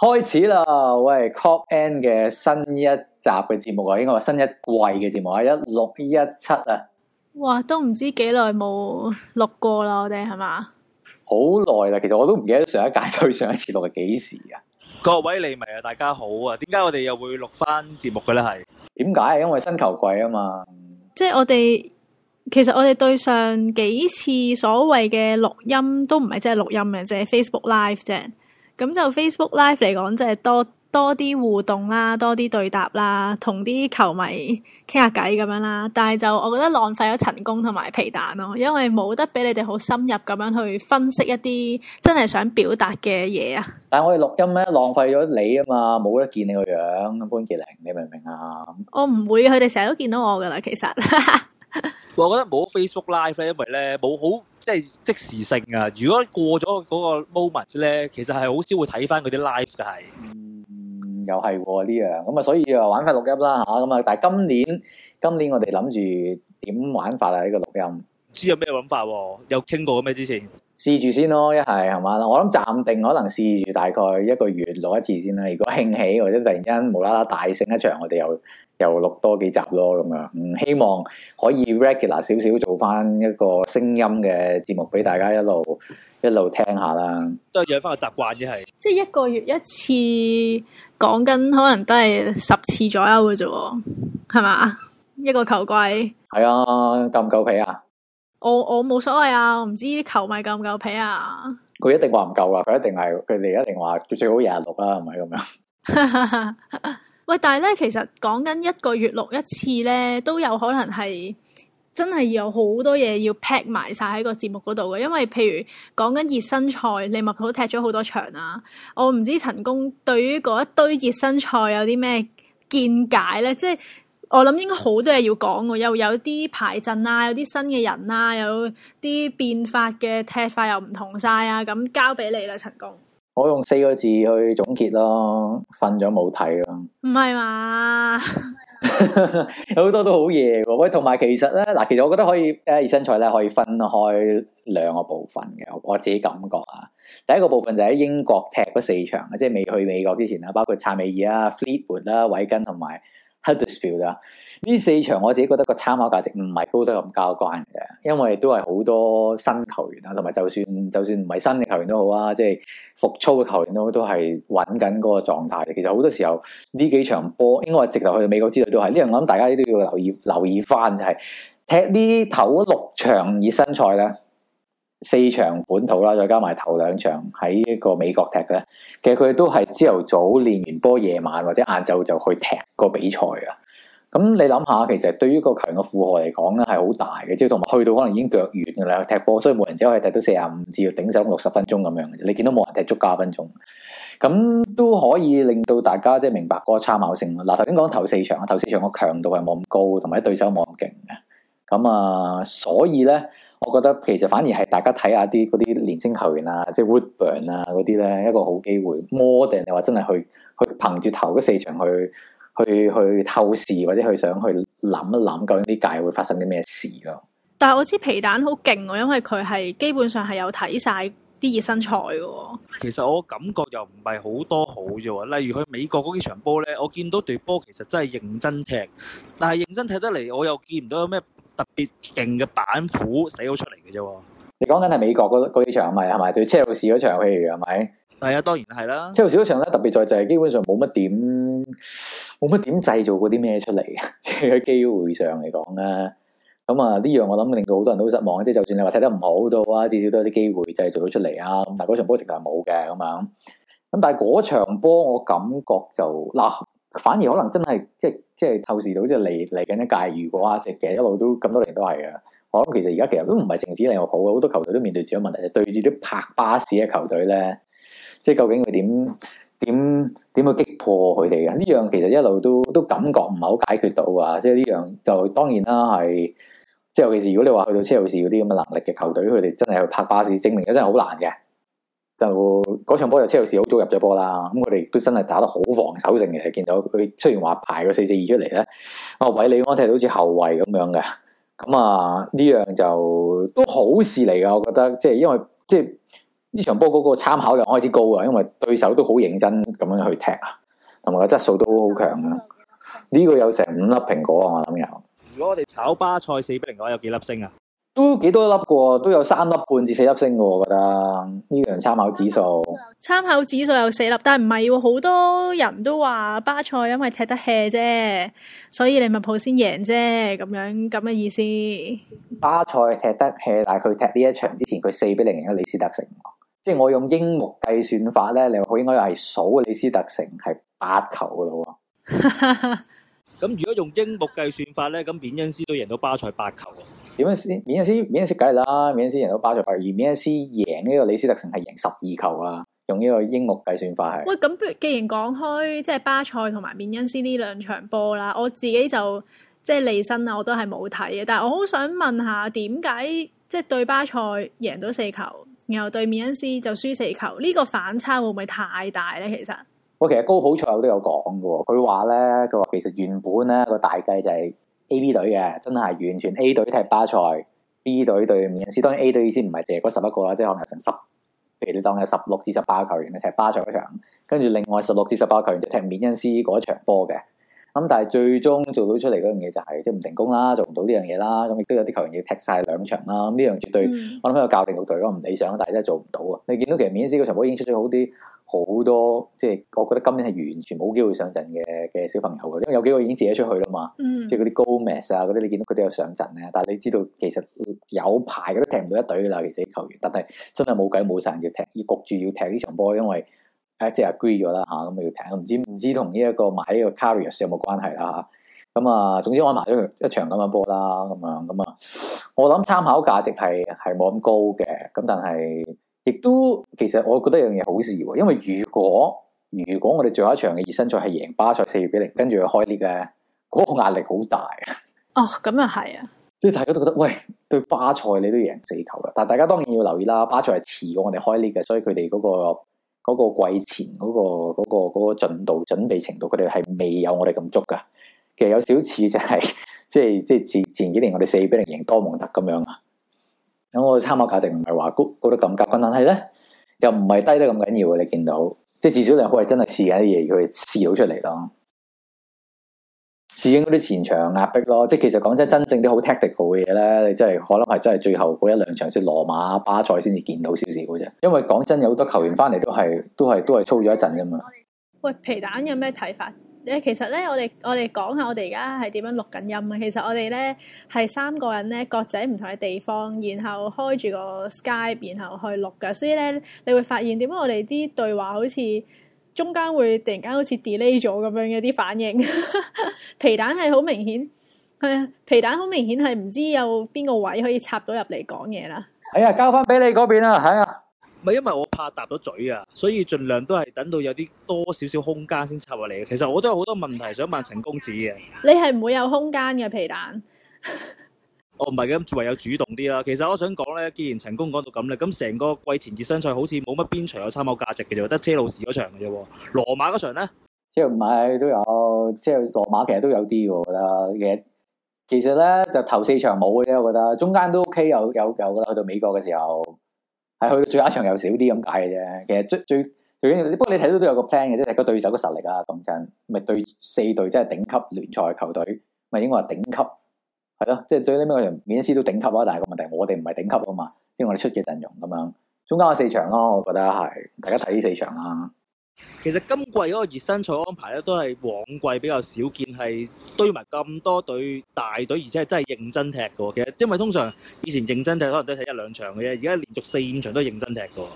開始啦！我係 Kop End 嘅新一集嘅節目啊，應該話新一季嘅節目啊，一六一七啊，哇，都唔知幾耐冇錄過啦，我哋係咪好耐啦。其實我都唔記得上一屆對上一次錄係幾時啊。各位利迷啊，大家好啊，點解我哋又會錄翻節目嘅咧？係點解啊？因為新球季啊嘛，即係我哋其實我哋對上幾次所謂嘅錄音都唔係真係錄音嘅，淨係 Facebook Live 啫。咁就 Facebook Live 嚟講，即係多多啲互動啦，多啲對答啦，同啲球迷傾下偈咁樣啦。但係就我覺得浪費咗陳功同埋皮蛋咯，因為冇得俾你哋好深入咁樣去分析一啲真係想表達嘅嘢啊。但係我哋錄音咧，浪費咗你啊嘛，冇得見你個樣，咁潘杰玲，你明唔明啊？我唔會，佢哋成日都見到我噶啦，其實。 我覺得冇 Facebook Live 因為咧冇好即係即時性啊！如果過咗嗰個 moment 咧，其實係好少會睇翻嗰啲 live 嘅係。嗯，又係呢、哦、樣咁啊！所以就玩翻錄音啦嚇咁啊！但係今年，今年我哋諗住點玩法啊？呢、呢個錄音唔知有咩諗法喎、啊？有傾過咩之前？試住先咯，一係係嘛？我諗暫定可能試住大概一個月錄一次先啦。如果興起或者突然間無啦啦大勝一場，我哋又～又錄多幾集咯，咁樣，嗯，希望可以 regular 少少做翻一個聲音嘅節目俾大家一路一路聽下啦，都係養翻個習慣啫，係。即係一個月一次講緊，可能都係十次左右嘅啫，係嘛？一個球季。係啊，夠唔夠皮啊？我我冇所謂啊，我唔知啲球迷夠唔夠皮啊？佢一定話唔夠啊！佢一定係佢哋一定話最好日日錄啦，係咪咁樣？ 喂，但係咧，其實講緊一個月錄一次咧，都有可能係真係要有好多嘢要 pack 埋晒喺個節目嗰度嘅。因為譬如講緊熱身賽，利物浦踢咗好多場啊，我唔知陳工對於嗰一堆熱身賽有啲咩見解咧。即係我諗應該好多嘢要講喎，有有啲排陣啊，有啲新嘅人啊，有啲變法嘅踢法又唔同晒啊，咁交俾你啦，陳工。我用四個字去總結咯，瞓咗冇睇咯。唔係嘛， 有好多都好夜喎。喂，同埋其實咧，嗱，其實我覺得可以，誒，熱身賽咧可以分開兩個部分嘅，我自己感覺啊。第一個部分就喺英國踢咗四場，即係未去美國之前啊，包括查美爾啊、Fleetwood 啦、韋根同埋 Huddersfield 啊。呢四場我自己覺得個參考價值唔係高得咁交關嘅，因為都係好多新球員啊，同埋就算就算唔係新嘅球員都好啊，即係復操嘅球員好都都係揾緊嗰個狀態。其實好多時候呢幾場波應該直頭去到美國之類都係呢樣，我諗大家都要留意留意翻就係、是、踢呢頭六場熱身賽咧，四場本土啦，再加埋頭兩場喺一個美國踢嘅，其實佢哋都係朝頭早練完波，夜晚或者晏晝就去踢個比賽啊。咁你諗下，其實對於球員嘅負荷嚟講咧，係好大嘅，即係同埋去到可能已經腳軟噶啦，踢波，所以冇人只可以踢到四十五至頂手六十分鐘咁樣。你見到冇人踢足加分鐘，咁都可以令到大家即係明白個參考性。嗱、啊，頭先講頭四場，頭四場個強度係冇咁高，同埋對手冇咁勁嘅。咁啊，所以咧，我覺得其實反而係大家睇下啲嗰啲年輕球員啊，即係 Woodburn 啊嗰啲咧，一個好機會。More 定你話真係去去憑住頭嗰四場去。去去透視或者去想去諗一諗究竟呢屆會發生啲咩事咯？但係我知皮蛋好勁喎，因為佢係基本上係有睇晒啲熱身賽嘅。其實我感覺又唔係好多好啫，例如去美國嗰幾場波咧，我見到隊波其實真係認真踢，但係認真踢得嚟，我又見唔到有咩特別勁嘅板斧使咗出嚟嘅啫。你講緊係美國嗰嗰幾場係咪？係咪對車路士嗰場？譬如係咪？係啊，當然係啦。即係少咗場咧，特別在就係、是、基本上冇乜點，冇乜點製造嗰啲咩出嚟啊！即係喺機會上嚟講咧，咁啊呢樣我諗令到好多人都好失望。即係就算你話踢得唔好到啊，至少都有啲機會製造到出嚟啊。但係嗰場波直頭係冇嘅，咁啊咁。但係嗰場波我感覺就嗱、呃，反而可能真係即係即係透視到即係嚟嚟緊呢屆如果啊，其實一路都咁多年都係啊。我諗其實而家其實都唔係淨止你又好，好多球隊都面對住啲問題，就是、對住啲拍巴士嘅球隊咧。即係究竟佢點點點去擊破佢哋嘅？呢樣其實一路都都感覺唔係好解決到啊！即係呢樣就當然啦，係即係尤其是如果你話去到車路士嗰啲咁嘅能力嘅球隊，佢哋真係去拍巴士證明，真係好難嘅。就嗰場波就車路士好早入咗波啦。咁佢哋都真係打得好防守性嘅，見到佢雖然話排個四四二出嚟咧，阿韋利安踢到好似後衛咁樣嘅。咁啊呢樣就都好事嚟噶，我覺得即係因為即係。呢場波嗰個參考量開始高啊，因為對手都好認真咁樣去踢啊，同埋個質素都好強啊。呢、這個有成五粒蘋果啊，我諗有。如果我哋炒巴塞四比零嘅話，0, 我有幾粒星啊？都幾多粒個，都有三粒半至四粒星嘅，我覺得呢樣參考指數。參考指數有四粒，但係唔係喎，好多人都話巴塞因為踢得 hea 啫，所以利物浦先贏啫，咁樣咁嘅意思。巴塞踢得 hea，但係佢踢呢一場之前佢四比零，李斯特城。0, 即係我用櫻木計算法咧，你話佢應該係數李斯特城係八球噶咯。咁 如果用櫻木計算法咧，咁緬恩斯都贏到巴塞八球。點樣先？緬恩斯緬恩斯梗係啦，緬恩斯贏到巴塞八球，而緬恩斯贏呢個李斯特城係贏十二球啊！用呢個櫻木計算法係。喂，咁既然講開，即係巴塞同埋緬恩斯呢兩場波啦，我自己就即係利申啊，我都係冇睇嘅。但係我好想問下，點解即係對巴塞贏到四球？然後對緬恩斯就輸四球，呢個反差會唔會太大咧？其實我其實高普賽都有講嘅，佢話咧，佢話其實原本咧個大計就係 A B 隊嘅，真係完全 A 隊踢巴賽，B 隊對緬恩斯。當然 A 隊意思唔係淨係嗰十一個啦，即係可能有成十，譬如你當有十六至十八球員踢巴賽一場，跟住另外十六至十八球員就踢緬恩斯嗰場波嘅。咁但係最終做到出嚟嗰樣嘢就係、是、即係唔成功啦，做唔到呢樣嘢啦，咁亦都有啲球員要踢晒兩場啦。咁呢樣絕對、嗯、我諗有教練局隊講唔理想，但係真係做唔到啊！你見到其實免斯嗰場波已經出咗好啲好多，即係我覺得今年係完全冇機會上陣嘅嘅小朋友，因為有幾個已經自己出去啦嘛。嗯、即係嗰啲高 m a s 啊，嗰啲你見到佢都有上陣啊。但係你知道其實有排佢都踢唔到一隊嘅啦，其實啲球員，但係真係冇計冇曬人要踢，要焗住要踢呢場波，因為。即係 agree 咗啦吓，咁要睇，唔知唔知同呢一個買呢個 Carriers 有冇關係啦吓，咁、嗯、啊，總之安排咗一場咁嘅波啦，咁、嗯、樣，咁、嗯、啊、嗯，我諗參考價值係係冇咁高嘅，咁但係亦都其實我覺得一樣嘢好事喎，因為如果如果我哋最後一場嘅熱身賽係贏巴塞四比零，跟住開鑼嘅，嗰、那個壓力好大啊！哦，咁啊係啊，即係大家都覺得喂，對巴塞你都贏四球啦，但係大家當然要留意啦，巴塞係遲過我哋開鑼嘅，所以佢哋嗰個。嗰個季前嗰、嗰個嗰、嗰個、嗰個、進度準備程度，佢哋係未有我哋咁足㗎。其實有少少似就係、是、即係即係前前幾年我哋四比零贏多蒙特咁樣啊。咁我參考價值唔係話高得咁夾，但係咧又唔係低得咁緊要嘅。你見到即係至少你可以真係試下啲嘢，佢試到出嚟咯。試應嗰啲前場壓逼咯，即係其實講真，真正啲好 tactical 嘅嘢咧，你真係可能係真係最後嗰一兩場，即係羅馬、巴塞先至見到少少嘅啫。因為講真，有好多球員翻嚟都係都係都係操咗一陣噶嘛。喂，皮蛋有咩睇法？你其實咧，我哋我哋講下我哋而家係點樣錄緊音啊？其實我哋咧係三個人咧，各自唔同嘅地方，然後開住個 Skype 然後去錄嘅。所以咧，你會發現點解我哋啲對話好似，中間會突然間好似 delay 咗咁樣嘅啲反應，皮蛋係好明顯，係啊，皮蛋好明顯係唔知有邊個位可以插到入嚟講嘢啦。係啊，交翻俾你嗰邊啊，係啊，唔係因為我怕搭到嘴啊，所以盡量都係等到有啲多少少空間先插入嚟嘅。其實我都有好多問題想問陳公子嘅。你係唔會有空間嘅皮蛋。哦，唔係嘅，唯有主動啲啦。其實我想講咧，既然陳功講到咁咧，咁成個季前熱身賽好似冇乜邊場有參考價值嘅，就得車路士嗰場嘅啫。羅馬嗰場咧？即係唔係都有？即係羅馬其實都有啲嘅，我覺得。其實其實咧就頭四場冇嘅啫，我覺得。中間都 OK，有有有。我覺得去到美國嘅時候，係去到最後一場又少啲咁解嘅啫。其實最最最緊要，不過你睇到都有個 plan 嘅，即係個對手嘅實力啊，講真，咪對四隊即係頂級聯賽球隊，咪應該話頂級。係咯，即係對呢、啊、邊、就是、人面試都頂級啊，但係個問題我哋唔係頂級噶嘛，即係我哋出嘅陣容咁樣，中間有四場咯、啊，我覺得係大家睇呢四場啦、啊。其實今季嗰個熱身賽安排咧，都係往季比較少見，係堆埋咁多隊大隊，而且係真係認真踢嘅。其實因為通常以前認真踢可能都係一兩場嘅啫，而家連續四五場都認真踢嘅。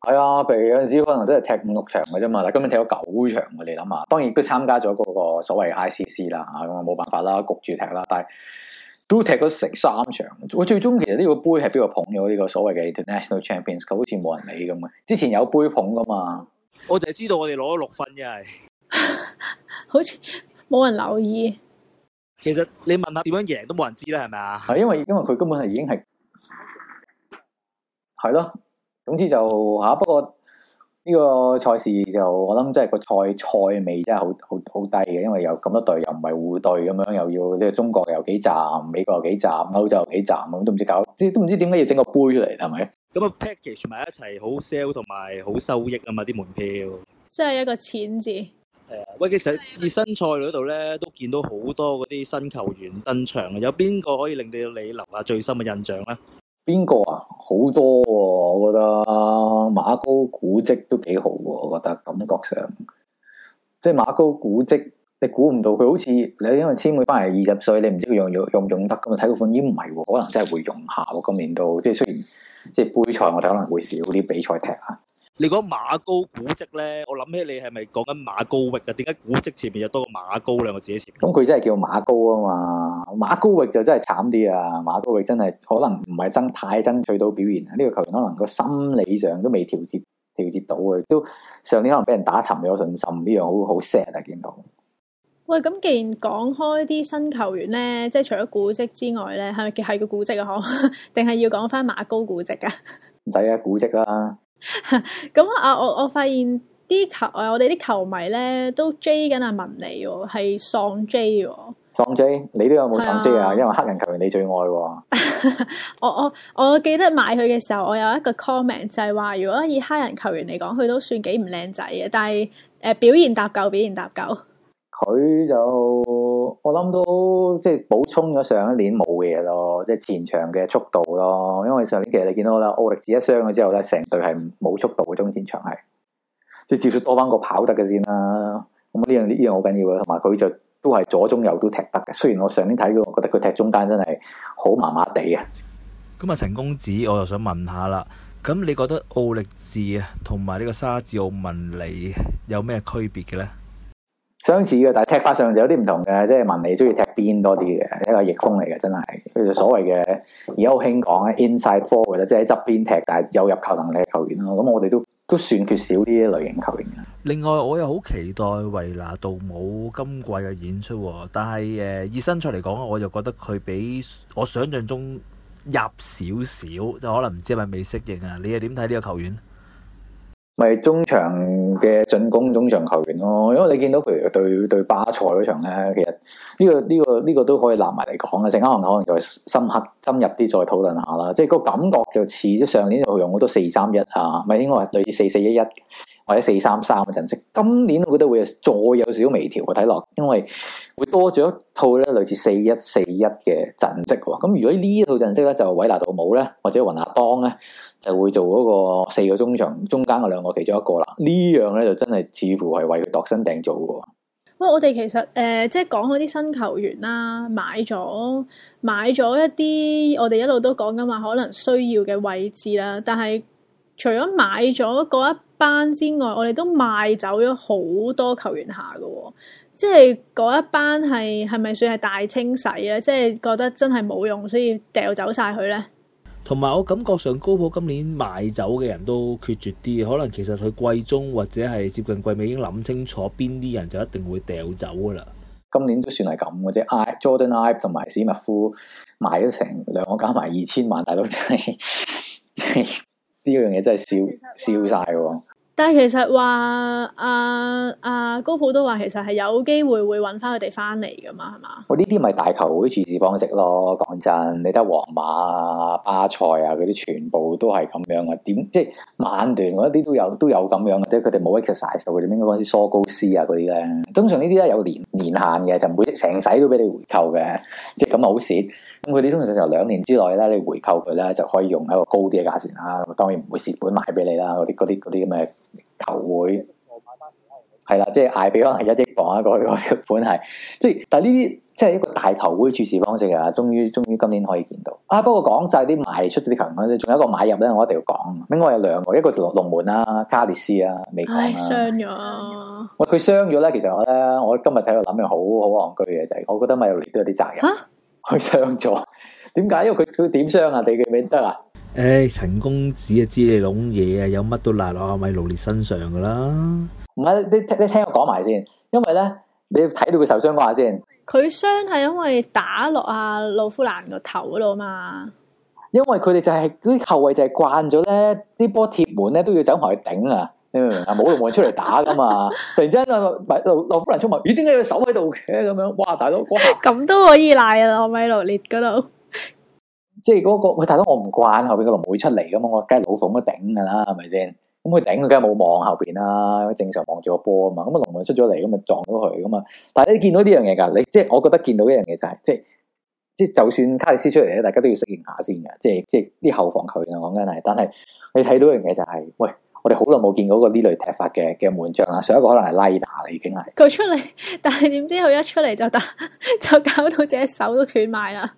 係啊、哎，譬如有陣時可能真係踢五六場嘅啫嘛，但今日踢咗九場，我哋諗下，當然都參加咗嗰個所謂 ICC 啦、啊、吓，咁啊冇辦法啦，焗住踢啦，但係。都踢咗成三場，我最終其實呢個杯係邊個捧咗呢？這個所謂嘅 International Champions，佢好似冇人理咁嘅。之前有杯捧噶嘛，我就知道我哋攞咗六分嘅係， 好似冇人留意。其實你問下點樣贏都冇人知啦，係咪啊？係因為因為佢根本係已經係，係咯。總之就吓，不過。呢個賽事就我諗，真係個賽賽味真係好好好低嘅，因為有咁多隊又唔係互對咁樣，又要呢個中國有幾站，美國有幾站，歐洲有幾站，咁都唔知搞，都唔知點解要整個杯出嚟，係咪？咁啊，package 埋一齊好 sell 同埋好收益啊嘛，啲門票，即係一個錢字。係啊，喂，其實熱身賽嗰度咧都見到好多嗰啲新球員登場，有邊個可以令到你留下最深嘅印象咧？邊個啊？好多喎、哦，我覺得馬高古蹟都幾好喎，我覺得感覺上，即係馬高古蹟，你估唔到佢好似你因為簽佢翻嚟二十歲，你唔知佢用用用唔用得噶嘛？睇款已經唔係喎，可能真係會用下喎、哦，今年度即係雖然即係杯賽，我哋可能會少啲比賽踢啊。你講馬高古跡咧，我諗起你係咪講緊馬高域噶？點解古跡前面又多個馬高兩個字喺前面？咁佢、嗯、真係叫馬高啊嘛！馬高域就真係慘啲啊！馬高域真係可能唔係爭太爭取到表現啊！呢、這個球員可能個心理上都未調節調節到啊！都上年可能俾人打沉咗信心，呢樣好好 sad 啊！見到喂，咁既然講開啲新球員咧，即係除咗古跡之外咧，係咪叫係個古跡啊？嗬，定係要講翻馬高古迹噶？唔 使啊，古跡啦。咁啊、 嗯！我我發現啲球啊，我哋啲球迷咧都追緊阿文尼，係喪 J，喪 J，你都有冇喪 J 啊？因為黑人球員你最愛 我，我我我記得買佢嘅時候，我有一個 comment 就係、是、話，如果以黑人球員嚟講，佢都算幾唔靚仔嘅，但係誒表現搭救，表現搭救。佢就我諗都即係補充咗上一年冇嘅嘢咯，即係前場嘅速度咯。因為上年其實你見到啦，奧力治一傷咗之後咧，成隊係冇速度嘅中前場係，即係至少多翻個跑得嘅先啦、啊。咁呢樣呢樣好緊要嘅，同埋佢就都係左中右都踢得嘅。雖然我上年睇佢，我覺得佢踢中間真係好麻麻地嘅。咁啊，陳公子，我又想問,問下啦，咁你覺得奧力治啊，同埋呢個沙治奧文尼有咩區別嘅咧？相似嘅，但係踢法上就有啲唔同嘅，即係問你中意踢邊多啲嘅，一個逆風嚟嘅，真係佢哋所謂嘅，而家好興講咧，inside forward 即係側邊踢，但係有入球能力嘅球員咯。咁我哋都都算缺少呢一類型球員嘅。另外，我又好期待維拿杜姆今季嘅演出，但係誒、呃，以身材嚟講，我就覺得佢比我想象中入少少，就可能唔知係咪未適應啊？你又點睇呢個球員？咪中場嘅進攻，中場球員咯，因為你見到譬如對對，對巴塞嗰場咧，其實呢、這個呢、這個呢、這個都可以攬埋嚟講啊！陣間可能再深刻深入啲再討論下啦，即係個感覺就似即上年就用好多四三一啊，咪應該話類似四四一一。或者四三三嘅陣式，今年我覺得會再有少微調喎。睇落，因為會多咗一套咧，類似四一四一嘅陣式。咁如果呢一套陣式咧，就偉納杜姆咧，或者雲霞邦咧，就會做嗰個四個中場中間嘅兩個其中一個啦。樣呢樣咧就真係似乎係為佢度身訂造嘅。喂，我哋其實誒、呃，即係講嗰啲新球員啦，買咗買咗一啲，我哋一路都講緊話，可能需要嘅位置啦，但係。除咗買咗嗰一班之外，我哋都賣走咗好多球員下嘅、哦，即係嗰一班係係咪算係大清洗咧？即係覺得真係冇用，所以掉走晒佢咧。同埋我感覺上高普今年賣走嘅人都決絕啲，可能其實佢季中或者係接近季尾已經諗清楚邊啲人就一定會掉走噶啦。今年都算係咁嘅啫，Jordan Ibe 同埋史密夫賣咗成兩個加埋二千萬，大佬真係真係。 呢樣嘢真係笑笑晒喎！但係其實話啊啊，高普都話，其實係有機會會揾翻佢哋翻嚟噶嘛，係嘛？我呢啲咪大球會處事方式咯。講真，你睇皇馬巴塞啊嗰啲，全部都係咁樣嘅。點即係曼聯嗰啲都有都有咁樣嘅，即係佢哋冇 exercise 佢哋應該講啲疏高斯啊嗰啲咧。通常呢啲咧有年年限嘅，就唔會成世都俾你回購嘅，即係咁啊好蝕。佢哋通常就由兩年之內咧，你回購佢咧就可以用喺個高啲嘅價錢啦。當然唔會蝕本賣俾你啦。嗰啲啲啲咁嘅球會係啦、嗯，即係嗌，畀可能一億鎊啊過去嗰條款係即係，但係呢啲即係一個大球會處事方式啊。終於終於今年可以見到啊。不過講晒啲賣出啲球員咧，仲有一個買入咧，我一定要講。另外有兩個，一個龍龍門啦、啊，加列斯啦、啊，未講啦。傷咗，我佢傷咗咧。其實咧，我今日睇到諗嘅好好戇居嘅就係、是，我覺得買入嚟都有啲責任。啊。佢傷咗，點解？因為佢佢點傷啊？你記唔記得、哎、啊？誒，陳公子啊，知你攞嘢啊，有乜都賴落阿米勞烈身上噶啦。唔係，你你聽我講埋先，因為咧，你要睇到佢受傷嗰下先。佢傷係因為打落阿路夫蘭個頭嗰度嘛？因為佢哋就係、是、啲後衛就係慣咗咧，啲波鐵門咧都要走埋去頂啊。啊！冇龍門出嚟打噶嘛？ 突然間啊，劉劉夫人出埋，咦？點解要手喺度嘅？咁樣哇！大佬，咁都可以賴啊！我喺羅列嗰度，即係嗰、那個佢大佬，我唔慣後邊個龍門出嚟噶嘛，我梗係老奉咁樣頂噶啦，係咪先？咁佢頂，佢梗係冇望後邊啦，正常望住個波啊嘛。咁啊，龍門出咗嚟咁咪撞到佢噶嘛。但係你見到呢樣嘢噶，你即係我覺得見到呢樣嘢就係即係，即係就算卡利斯出嚟咧，大家都要適應下先嘅。即係即係啲後防球員講緊係，但係你睇到樣嘢就係、是、喂。喂我哋好耐冇見過個呢類踢法嘅嘅門將啦，上一個可能係拉達啦，已經係佢出嚟，但係點知佢一出嚟就打，就搞到隻手都斷埋啦。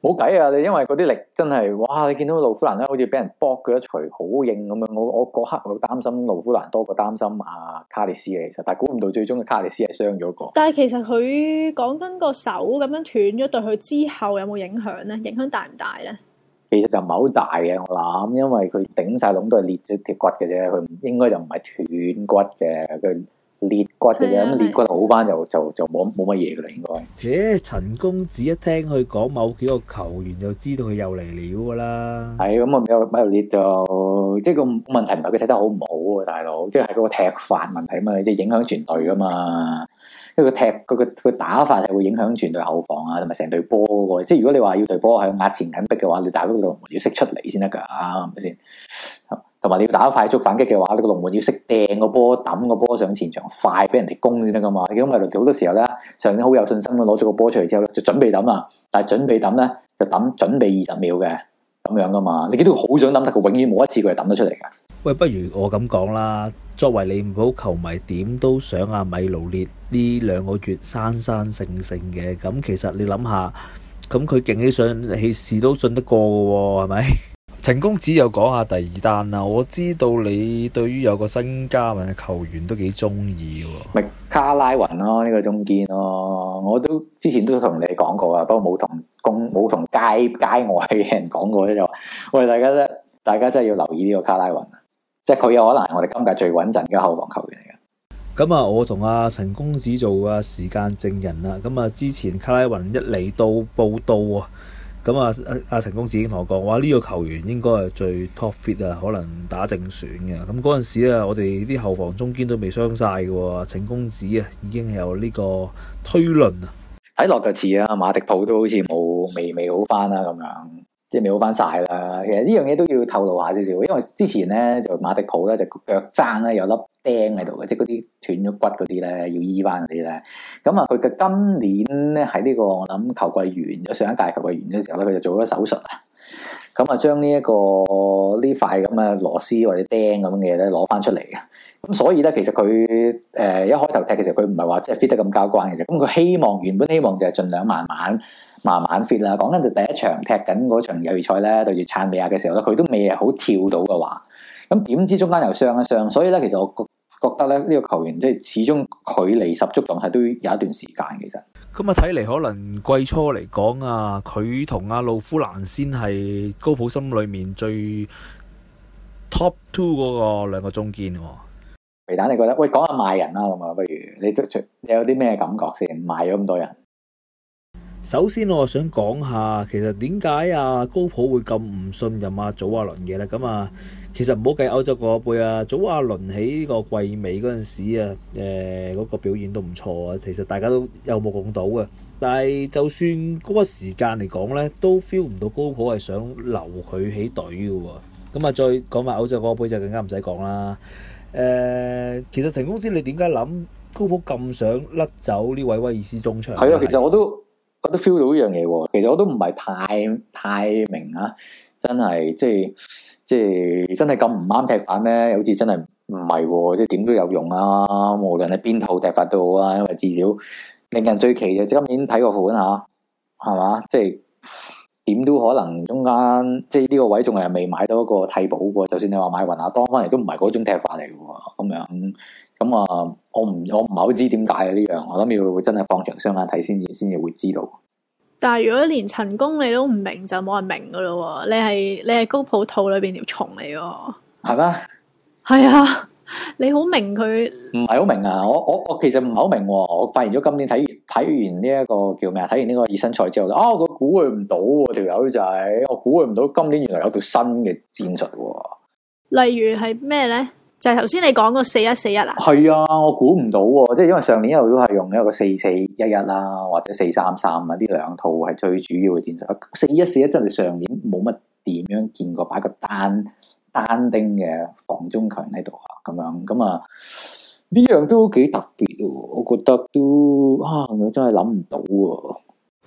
冇 計啊！你因為嗰啲力真係，哇！你見到盧夫蘭咧，好似俾人搏佢一錘，好硬咁樣。我我嗰刻好擔心盧夫蘭多過擔心阿、啊、卡利斯嘅，其實但係估唔到最終嘅卡利斯係傷咗個。但係其實佢講緊個手咁樣斷咗對佢之後有冇影響咧？影響大唔大咧？其實就唔係好大嘅，我諗，因為佢頂晒籠都係裂咗條骨嘅啫，佢應該就唔係斷骨嘅，佢裂骨嘅啫，咁的裂骨好翻就就就冇冇乜嘢嘅啦，應該。且陳公子一聽佢講某幾個球員，就知道佢又嚟料噶啦。係咁啊，嗯、有喺度裂就，即係個問題唔係佢踢得好唔好啊，大佬，即係嗰個踢法問題啊嘛，即係影響全隊噶嘛。佢踢佢、個佢、那個、打法係會影響全隊後防啊，同埋成隊波嗰個。即係如果你話要隊波喺度壓前緊逼嘅話，你打到個龍門要識出嚟先得噶，係咪先？同埋你要打快速反擊嘅話，你、個龍門要識掟個波、抌個波上前場快俾人哋攻先得噶嘛。咁咪好多時候咧，上年好有信心咁攞咗個波出嚟之後咧就準備抌啊。但係準備抌咧就抌準備二十秒嘅咁樣噶嘛。你見到佢好想抌得，佢永遠冇一次佢係抌得出嚟嘅。喂，不如我咁講啦。作為利物浦球迷，點都想阿米盧列呢兩個月生生性性嘅。咁其實你諗下，咁佢勁起上氣勢都信得過嘅喎、哦，係咪？陳公子又講下第二單啦。我知道你對於有個新加盟嘅球員都幾中意喎。咪卡拉雲咯、啊，呢、呢個中堅咯、啊。我都之前都同你講過啊，不過冇同公冇同街街外嘅人講過呢度，喂大家，大家真大家真係要留意呢個卡拉雲。即係佢有可能，係我哋今屆最穩陣嘅後防球員嚟嘅。咁啊，我同阿陳公子做嘅時間證人啊。咁啊，之前卡拉雲一嚟到報道啊，咁啊，阿、啊、陳、啊、公子已經同我講，哇呢、這個球員應該係最 top fit 啊，可能打正選嘅。咁嗰陣時咧、啊，我哋啲後防中堅都未傷晒嘅。陳、啊、公子啊，已經有呢個推論啊。睇落就似啊，馬迪普都好似冇未未好翻啦咁樣。即係未好翻曬啦，其實呢樣嘢都要透露下少少，因為之前咧就馬迪普咧就腳踭咧有粒釘喺度嘅，即係嗰啲斷咗骨嗰啲咧要醫翻嗰啲咧。咁、嗯、啊，佢嘅今年咧喺呢、這個我諗球季完咗上一屆球季完咗時候咧，佢就做咗手術啦。咁啊，將呢、嗯呢個、一個呢塊咁嘅螺絲或者釘咁樣嘅嘢咧攞翻出嚟嘅。咁所以咧，其實佢誒、呃、一開頭踢嘅時候，佢唔係話即係 fit 得咁交關嘅啫。咁佢希望原本希望就係盡量慢慢慢慢 fit 啦。講緊就第一場踢緊嗰場友誼賽咧對住撐美亞嘅時候咧，佢都未係好跳到嘅話，咁點知中間又上一上。所以咧，其實我覺得咧，呢、呢個球員即係始終距離十足狀態都有一段時間其實。咁啊，睇嚟可能季初嚟講啊，佢同阿魯夫蘭先係高普心裏面最 top two 嗰個兩個中堅，哦。肥蛋，你覺得？喂，講下賣人啦，咁啊，不如你都你有啲咩感覺先？賣咗咁多人。首先我想講下，其實點解啊，高普會咁唔信任阿祖亞倫嘅咧？咁啊。嗯其實唔好計歐洲個盃啊，祖阿倫喺個季尾嗰陣時啊，誒、呃、嗰、嗰個表現都唔錯啊，其實大家都有目共睹嘅。但係就算嗰個時間嚟講咧，都 feel 唔到高普係想留佢喺隊嘅喎。咁啊，再講埋歐洲個盃就更加唔使講啦。誒、呃，其實陳公司你點解諗高普咁想甩走呢位威爾斯中場？係啊，其實我都覺得 feel 到呢樣嘢喎。其實我都唔係太太明啊，真係即係。即係真係咁唔啱踢法咩？好似真係唔係喎，即係點都有用啊！無論係邊套踢法都好啊，因為至少令人最奇嘅，今年睇個款嚇係嘛？即係點都可能中間即係呢個位仲係未買到一個替補喎。就算你話買雲下、啊、當翻嚟，都唔係嗰種踢法嚟嘅喎。咁樣咁、嗯、啊，我唔我唔係好知點解嘅呢樣。我諗要真係放長雙眼睇先至先至會知道。但係如果連陳功你都唔明，就冇人明噶咯，你係你係高普肚裏邊條蟲嚟喎，係咩？係啊，你好明佢唔係好明啊！我我我其實唔係好明，我發現咗今年睇睇完呢一個叫咩啊？睇完呢個熱身賽之後，啊，我估佢唔到條友仔，我估佢唔到今年原來有套新嘅戰術，啊，例如係咩咧？就係頭先你講個四一四一啦？係啊，我估唔到喎、啊，即係因為上年一路都係用一個四四一一啦，或者四三三啊，呢兩套係最主要嘅戰術。四一四一真係上年冇乜點樣見過，擺個單單丁嘅防中強喺度咁樣，咁啊呢樣啊、這個、都幾特別咯。我覺得都啊，我真係諗唔到啊。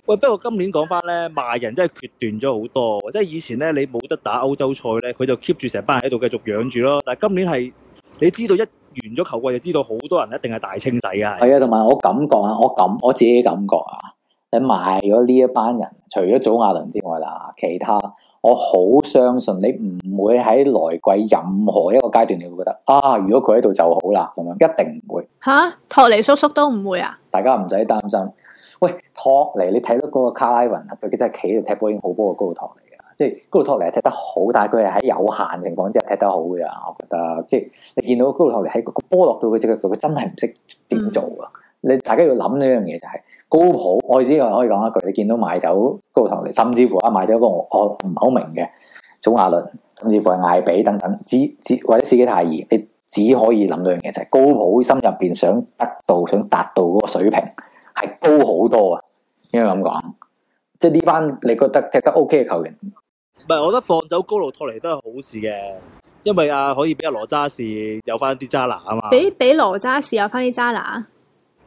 喂，不過今年講翻咧，賣人真係決斷咗好多。即係以前咧，你冇得打歐洲賽咧，佢就 keep 住成班人喺度繼續養住咯。但係今年係。你知道一完咗球季，就知道好多人一定係大清洗啊。係啊，同埋我感覺啊，我感我自己感覺啊，你賣咗呢一班人，除咗祖亞倫之外啦，其他我好相信你唔會喺來季任何一個階段你會覺得啊，如果佢喺度就好啦，咁樣一定唔會。吓，托尼叔叔都唔會啊？大家唔使擔心。喂，托尼，你睇到嗰個卡拉文啊？佢真係企喺度踢波已經好高個高度。托即係高路托尼踢得好，但係佢係喺有限情況之下踢得好嘅啊！我覺得，即係你見到高路托尼喺個波落到佢隻腳，佢真係唔識點做啊！嗯、你大家要諗呢樣嘢就係高普，我哋只可以講一句：你見到買走高路托尼，甚至乎啊買走個我唔係好明嘅祖亞倫，甚至乎係艾比等等，只只或者史基泰爾，你只可以諗一樣嘢就係高普心入邊想得到、想達到嗰個水平係高好多啊！應該咁講，即係呢班你覺得踢得 OK 嘅球員。唔係，我覺得放走高露托尼都係好事嘅，因為啊，可以俾阿羅渣士有翻啲渣拿啊嘛！俾俾羅渣士有翻啲渣拿，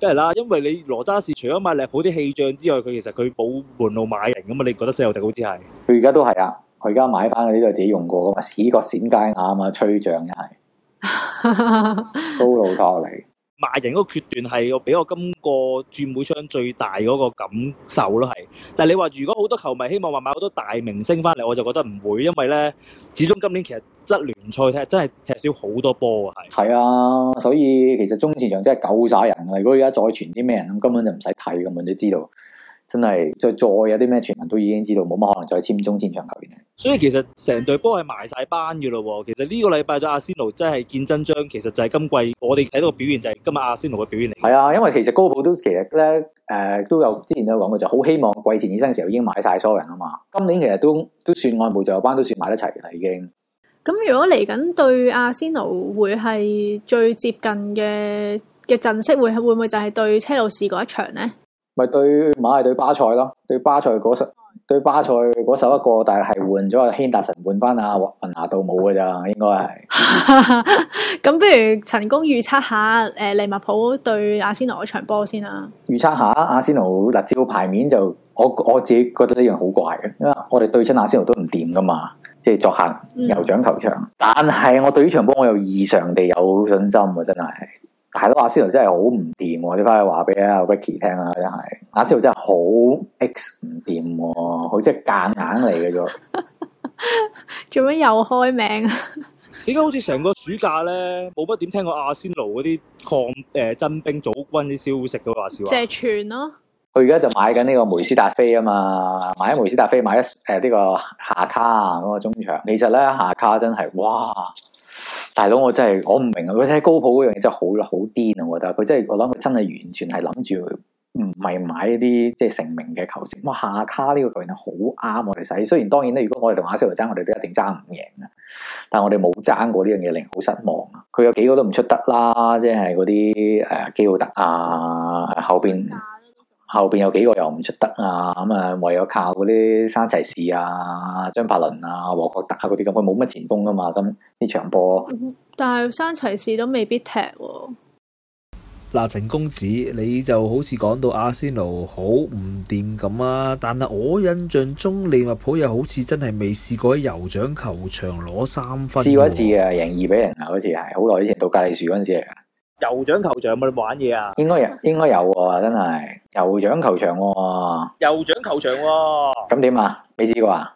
梗係啦，因為你羅渣士除咗買利物浦啲氣象之外，佢其實佢冇門路買人㗎嘛。你覺得西柚迪好似係佢而家都係啊，佢而家買翻佢呢度自己用過噶嘛，屎角閃街啱啊吹脹一係高露托尼。賣人嗰個決斷係我俾我今個轉會窗最大嗰個感受咯，係。但係你話如果好多球迷希望話買好多大明星翻嚟，我就覺得唔會，因為咧，始終今年其實即係聯賽踢真係踢少好多波啊，係。係啊，所以其實中前場真係夠晒人啊。如果而家再傳啲咩人，根本就唔使睇咁，我都知道。真係再再有啲咩傳聞都已經知道，冇乜可能再簽中簽場球員。所以其實成隊波係埋晒班嘅咯。其實呢個禮拜對阿仙奴真係見真章。其實就係今季我哋睇到嘅表現，就係今日阿仙奴嘅表現嚟。係啊，因為其實高普都其實咧誒、呃、都有之前都有講過，就好希望季前熱身時候已經買晒所有人啊嘛。今年其實都都算按部就有班，都算買得齊啦已經。咁如果嚟緊對阿仙奴會係最接近嘅嘅陣式會，會會唔會就係對車路士嗰一場咧？咪對馬係對巴塞咯，對巴塞嗰首對巴塞嗰首一個，但係係換咗阿軒達臣換翻阿雲拿杜姆嘅咋，應該係。咁 不如陳功預測下誒、呃、利物浦對阿仙奴嗰場波先啦。預測下阿仙奴辣照牌面就，我我自己覺得呢樣好怪嘅，因為我哋對親阿仙奴都唔掂噶嘛，即係作客酋長球場，嗯、但係我對呢場波我又異常地有信心啊，真係。係咯，阿仙奴真係好唔掂，你翻去話俾阿 Ricky 聽啦，真係阿仙奴真係好 X 唔掂，佢即係夾硬嚟嘅啫。做咩 又開名啊？點解好似成個暑假咧冇乜點聽過阿仙奴嗰啲抗誒振、呃、兵組軍啲消息嘅話是話？借傳咯、啊。佢而家就買緊呢個梅斯達菲啊嘛，買咗梅斯達菲，買咗誒呢個下卡啊嗰個中場。其實咧下卡真係哇～大佬，我真係我唔明啊！佢睇高普嗰樣嘢真係好啦，好癲啊！我覺得佢真係我諗佢真係完全係諗住唔係買一啲即係成名嘅球星。哇，下卡呢個隊呢好啱我哋使，雖然當然咧，如果我哋同阿仙奴爭，我哋都一定爭唔贏啊！但係我哋冇爭過呢樣嘢，令好失望啊！佢有幾個都唔出得啦，即係嗰啲誒基奧特啊後邊。後邊有幾個又唔出得啊，咁啊，唯有靠嗰啲山齊士啊、張伯倫啊、華國達嗰啲咁，佢冇乜前鋒噶嘛，咁呢場波，嗯。但係山齊士都未必踢，啊。嗱，呃，程公子，你就好似講到阿仙奴好唔掂咁啊！但係我印象中利物浦又好似真係未試過喺酋長球場攞三分，啊。試過一次啊，贏二比零啊，好似係好耐以前到隔籬樹嗰陣時嚟噶，啊。酋長球場啊，你玩嘢啊？應該有，應該有啊！真係酋長球場，酋長球場咁點啊？未試過啊？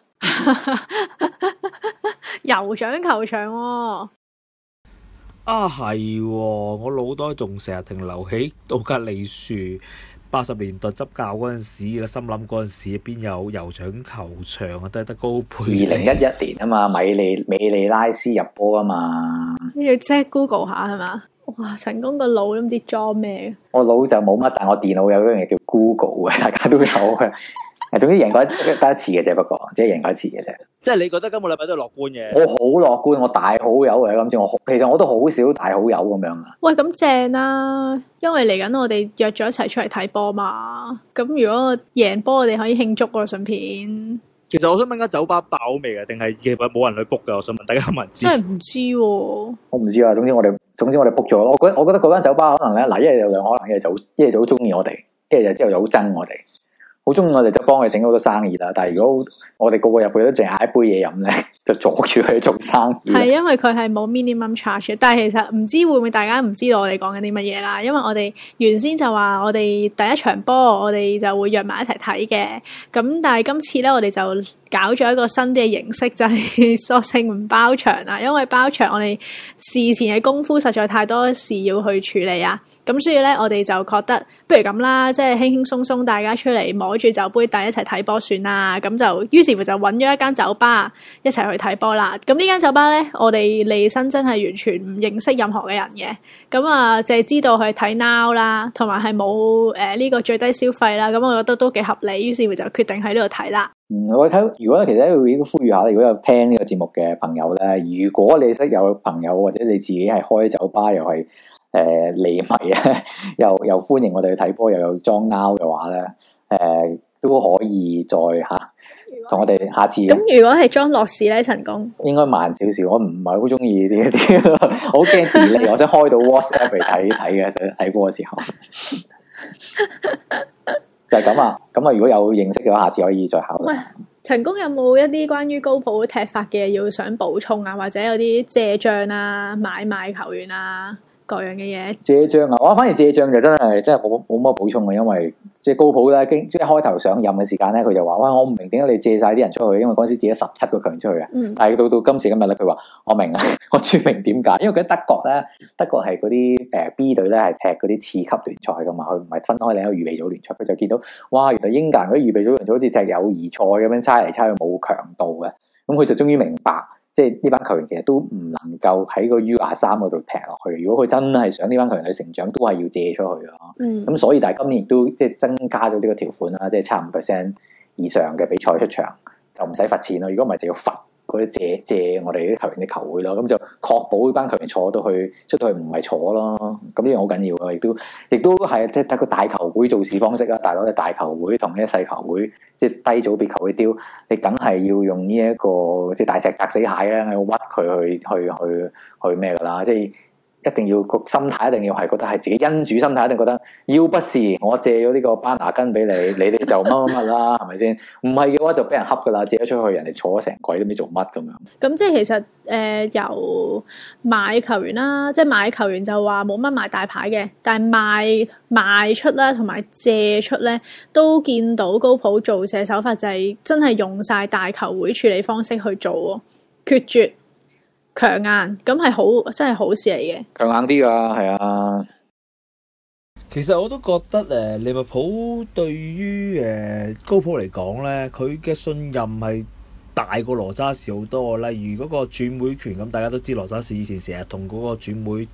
酋長球場啊，係我老豆，仲成日停留喺杜格利殊八十年代執教嗰陣時嘅心諗，嗰陣時邊有酋長球場啊？都係得高佩二零一一年啊嘛，米利米利拉斯入波啊嘛，你要即係 Google 下係嘛？哇！成功個腦都唔知裝咩？我腦就冇乜，但係我電腦有樣嘢叫 Google 嘅，大家都有嘅。 總之贏過得一次嘅啫，不過即係贏過一次嘅啫。即係你覺得今個禮拜都係樂觀嘅？ 我好樂觀，我大好友嚟咁，今次我其實我都好少大好友咁樣嘅。喂，咁正啦，啊，因為嚟緊我哋約咗一齊出嚟睇波嘛。咁如果贏波，我哋可以慶祝個、啊、順便。其實我想問間酒吧爆未嘅，定係其實冇人去 book 嘅？我想問大家有冇人知？真係唔知、啊，我唔知啊。總之我哋，總之我哋 book 咗咯。我覺，我覺得嗰間酒吧可能咧，嗱，一係就兩可能嘅，就一係就好中意我哋，一係就之後又好憎我哋。好中意我哋就幫佢整好多生意啦，但係如果我哋個個入去都淨係一杯嘢飲咧，就阻住佢做生意。係因為佢係冇 minimum charge，但係其實唔知會唔會大家唔知道我哋講緊啲乜嘢啦？因為我哋原先就話我哋第一場波我哋就會約埋一齊睇嘅，咁但係今次咧我哋就搞咗一個新嘅形式，就係索性唔包場啦，因為包場我哋事前嘅功夫實在太多事要去處理啊。咁所以咧，我哋就覺得不如咁啦，即係輕輕鬆鬆，大家出嚟摸住酒杯底一齊睇波算啦。咁就於是乎就揾咗一間酒吧一齊去睇波啦。咁呢間酒吧咧，我哋嚟新真係完全唔認識任何嘅人嘅。咁啊，就係知道去睇 Now 啦，同埋係冇誒呢個最低消費啦。咁我覺得都幾合理，於是乎就決定喺呢度睇啦。嗯，我睇，如果其實要呼籲下，如果有聽呢個節目嘅朋友咧，如果你識有朋友或者你自己係開酒吧又係。誒，利迷啊，又又歡迎我哋去睇波，又有裝 out 嘅話咧，誒、呃、都可以再吓同、啊、果我哋下次咁。如果係裝樂視咧，陳功應該慢少少，我唔係好中意呢一啲，好驚 delay。Ay, 我想開到 WhatsApp 嚟睇睇嘅，睇波嘅時候 就係咁啊。咁、嗯、啊，如果有認識嘅話，下次可以再考慮。陳功有冇一啲關於高普踢法嘅要想補充啊？或者有啲借賬啊、買賣球員啊？各樣嘅嘢，借將啊！我反而借將就真係，真係我冇乜補充啊。因為即係高普咧，經即係開頭上任嘅時間咧，佢就話：哇！我唔明點解你借晒啲人出去，因為嗰時借咗十七個將出去啊。嗯，但係到到今時今日咧，佢話我明啊， 我注明點解，因為佢喺德國咧，德國係嗰啲誒 B 隊咧，係踢嗰啲次級聯賽噶嘛，佢唔係分開兩個預備組聯賽，佢就見到哇，原來英格蘭嗰啲預備組聯賽好似踢友誼賽咁樣，猜嚟猜去冇強度嘅，咁佢就終於明白。即係呢班球員其實都唔能夠喺個 U23 嗰度踢落去。如果佢真係想呢班球員去成長，都係要借出去咯。咁、嗯、所以，但係今年亦都即係增加咗呢個條款啦，即係差五 percent 以上嘅比賽出場就唔使罰錢咯。如果唔係，就要罰。嗰啲借借我哋啲球員啲球會咯，咁就確保呢班球員坐到去出到去唔係坐咯，咁呢樣好緊要啊，亦都亦都係睇睇個大球會做事方式啊。大佬嘅大球會同呢啲細球會，即係低組別球會丟，你梗係要用呢一個即係大石砸死蟹啊，要屈佢去去去去咩噶啦，即係。就是一定要個心態，一定要係覺得係自己恩主心態，一定覺得要不是我借咗呢個班牙根俾你，你哋就乜乜乜啦，係咪先？唔係嘅話就俾人恰㗎喇，借咗出去人哋坐成鬼都唔知做乜咁樣。咁即係其實誒、呃、由買球員啦，即係買球員就話冇乜買大牌嘅，但係賣賣出啦同埋借出咧，都見到高普做事手法就係真係用晒大球會處理方式去做，決絕。強硬咁係好，真係好事嚟嘅。強硬啲啊，係啊。 其實我都覺得誒、啊，利物浦對於誒、啊、高普嚟講咧，佢嘅信任係大過羅渣士好多。例如嗰個轉會權咁，大家都知羅渣士以前成日同嗰個轉會、